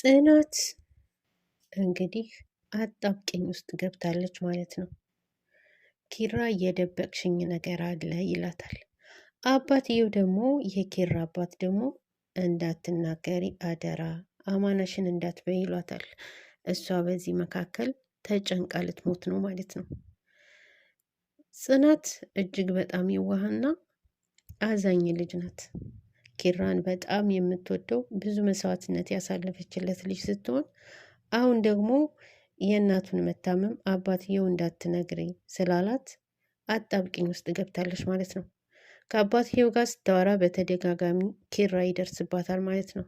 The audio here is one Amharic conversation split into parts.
ጽናት እንግዲህ አጣብቂኝ ውስጥ ገብታለች ማለት ነው። ኪራ እየደበቅሽኝ ነገር አለ ይላታል። አባትየው ደግሞ የኪራ አባት ደግሞ እንዳትናገሪ አደራ፣ አማናሽን እንዳትበይ ይሏታል። እሷ በዚህ መካከል ተጨንቃ ልትሞት ነው ማለት ነው። ጽናት እጅግ በጣም የዋህና አዛኝ ልጅ ናት። ኪራን በጣም የምትወደው ብዙ መስዋዕትነት ያሳለፈችለት ልጅ ስትሆን አሁን ደግሞ የእናቱን መታመም አባትየው እንዳትነግረኝ ስላላት አጣብቂኝ ውስጥ ገብታለች ማለት ነው። ከአባትየው ጋር ስታወራ በተደጋጋሚ ኪራ ይደርስባታል ማለት ነው።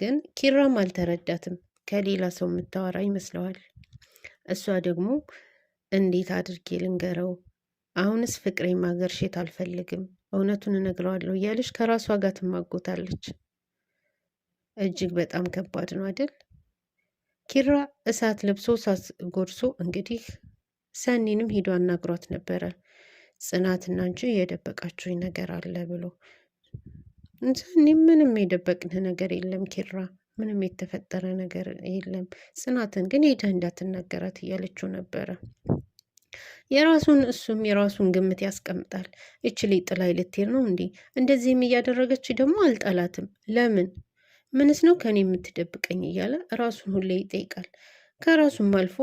ግን ኪራም አልተረዳትም። ከሌላ ሰው የምታወራ ይመስለዋል። እሷ ደግሞ እንዴት አድርጌ ልንገረው? አሁንስ ፍቅሬ ማገርሸት አልፈልግም እውነቱን እነግረዋለሁ እያለች ከራሷ ጋር ትማጎታለች። እጅግ በጣም ከባድ ነው አይደል? ኪራ እሳት ለብሶ እሳት ጎርሶ እንግዲህ ሰኒንም ሂዶ አናግሯት ነበረ። ጽናትና እንጂ የደበቃችሁኝ ነገር አለ ብሎ ሰኒ ምንም የደበቅን ነገር የለም ኪራ፣ ምንም የተፈጠረ ነገር የለም ጽናትን ግን ሄደህ እንዳትናገራት እያለችው ነበረ። የራሱን እሱም የራሱን ግምት ያስቀምጣል። እች ላይ ጥላይ ልትሄድ ነው እንዴ? እንደዚህም እያደረገች ደግሞ አልጠላትም። ለምን ምንስ ነው ከኔ የምትደብቀኝ እያለ ራሱን ሁሌ ይጠይቃል። ከራሱም አልፎ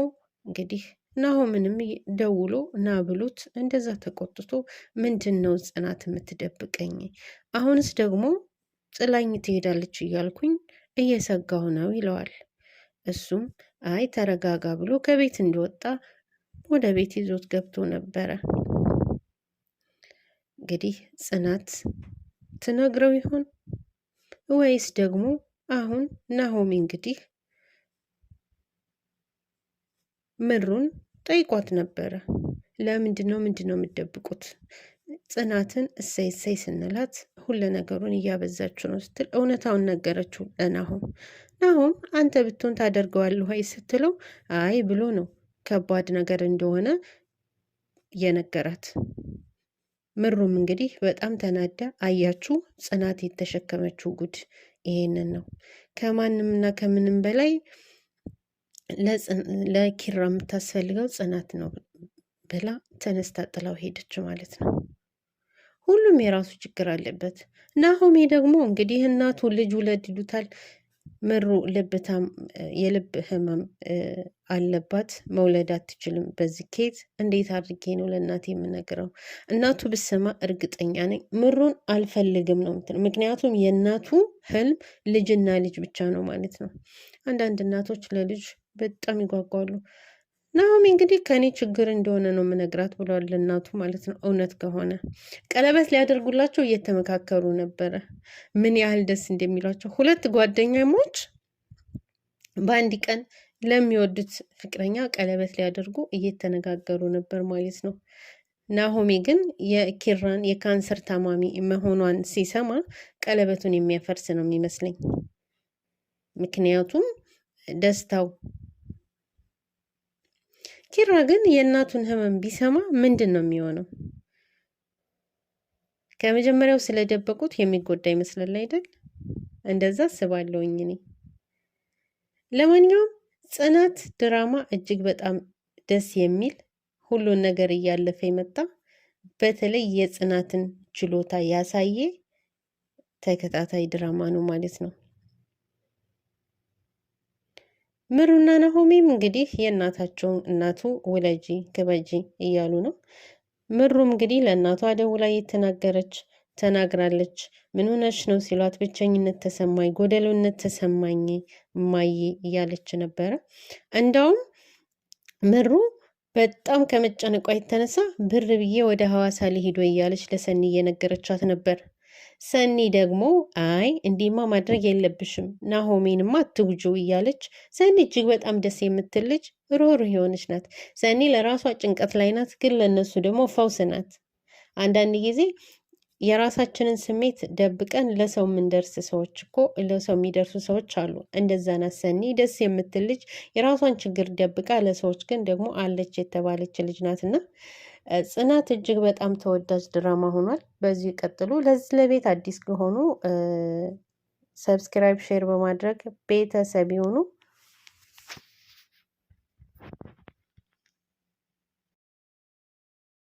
እንግዲህ ናሆምንም ደውሎ ና ብሎት እንደዛ ተቆጥቶ ምንድን ነው ጽናት የምትደብቀኝ? አሁንስ ደግሞ ጥላኝ ትሄዳለች እያልኩኝ እየሰጋሁ ነው ይለዋል። እሱም አይ ተረጋጋ ብሎ ከቤት እንደወጣ ወደ ቤት ይዞት ገብቶ ነበረ። እንግዲህ ጽናት ትነግረው ይሆን ወይስ ደግሞ አሁን ናሆሚ እንግዲህ ምሩን ጠይቋት ነበረ። ለምንድን ነው ምንድን ነው የምትደብቁት? ጽናትን እሰይ እሰይ ስንላት ሁለ ነገሩን እያበዛችሁ ነው ስትል እውነታውን ነገረችው ለናሆም። ናሆም አንተ ብትሆን ታደርገዋለህ ወይ ስትለው አይ ብሎ ነው ከባድ ነገር እንደሆነ የነገራት ምሩም እንግዲህ በጣም ተናዳ አያችሁ፣ ጽናት የተሸከመችው ጉድ ይሄንን ነው። ከማንም እና ከምንም በላይ ለኪራ የምታስፈልገው ጽናት ነው ብላ ተነስታ ጥላው ሄደች ማለት ነው። ሁሉም የራሱ ችግር አለበት። ናሆሜ ደግሞ እንግዲህ እናቱ ልጅ ውለድ ይሉታል ምሩ ልብታም የልብ ህመም አለባት። መውለድ አትችልም። በዚህ ኬት እንዴት አድርጌ ነው ለእናቴ የምነግረው? እናቱ ብሰማ እርግጠኛ ነኝ ምሩን አልፈልግም ነው ምትል። ምክንያቱም የእናቱ ህልም ልጅና ልጅ ብቻ ነው ማለት ነው። አንዳንድ እናቶች ለልጅ በጣም ይጓጓሉ። ናሆሚ እንግዲህ ከእኔ ችግር እንደሆነ ነው የምነግራት ብለዋል እናቱ ማለት ነው። እውነት ከሆነ ቀለበት ሊያደርጉላቸው እየተመካከሩ ነበረ። ምን ያህል ደስ እንደሚሏቸው ሁለት ጓደኛሞች በአንድ ቀን ለሚወዱት ፍቅረኛ ቀለበት ሊያደርጉ እየተነጋገሩ ነበር ማለት ነው። ናሆሚ ግን የኪራን የካንሰር ታማሚ መሆኗን ሲሰማ ቀለበቱን የሚያፈርስ ነው የሚመስለኝ። ምክንያቱም ደስታው ኪራ ግን የእናቱን ህመም ቢሰማ ምንድን ነው የሚሆነው? ከመጀመሪያው ስለደበቁት የሚጎዳ ይመስላል አይደል? እንደዛ አስባለሁኝ እኔ። ለማንኛውም ጽናት ድራማ እጅግ በጣም ደስ የሚል ሁሉን ነገር እያለፈ የመጣ በተለይ የጽናትን ችሎታ ያሳየ ተከታታይ ድራማ ነው ማለት ነው። ምሩና ናሆሜም እንግዲህ የእናታቸውን እናቱ ውለጂ ክበጂ እያሉ ነው። ምሩም እንግዲህ ለእናቷ ደውላ የተናገረች ተናግራለች። ምን ሆነች ነው ሲሏት ብቸኝነት ተሰማኝ፣ ጎደሎነት ተሰማኝ እማዬ እያለች ነበረ። እንዳውም ምሩ በጣም ከመጨነቋ የተነሳ ብር ብዬ ወደ ሐዋሳ ሊሄዶ እያለች ለሰኒ እየነገረቻት ነበር። ሰኒ ደግሞ አይ እንዲማ ማድረግ የለብሽም ናሆሜንማ ትጉጆ እያለች ሰኒ እጅግ በጣም ደስ የምትል ልጅ የሆነች ናት። ሰኒ ለራሷ ጭንቀት ላይ ናት፣ ግን ለእነሱ ደግሞ ፈውስ ናት። አንዳንድ ጊዜ የራሳችንን ስሜት ደብቀን ለሰው የምንደርስ ሰዎች እኮ ለሰው የሚደርሱ ሰዎች አሉ። እንደዛ ናት ሰኒ፣ ደስ የምትል ልጅ የራሷን ችግር ደብቃ ለሰዎች ግን ደግሞ አለች የተባለች ልጅ ናት እና ጽናት እጅግ በጣም ተወዳጅ ድራማ ሆኗል። በዚህ ቀጥሉ። ለዚህ ለቤት አዲስ ከሆኑ ሰብስክራይብ፣ ሼር በማድረግ ቤተሰብ ይሁኑ።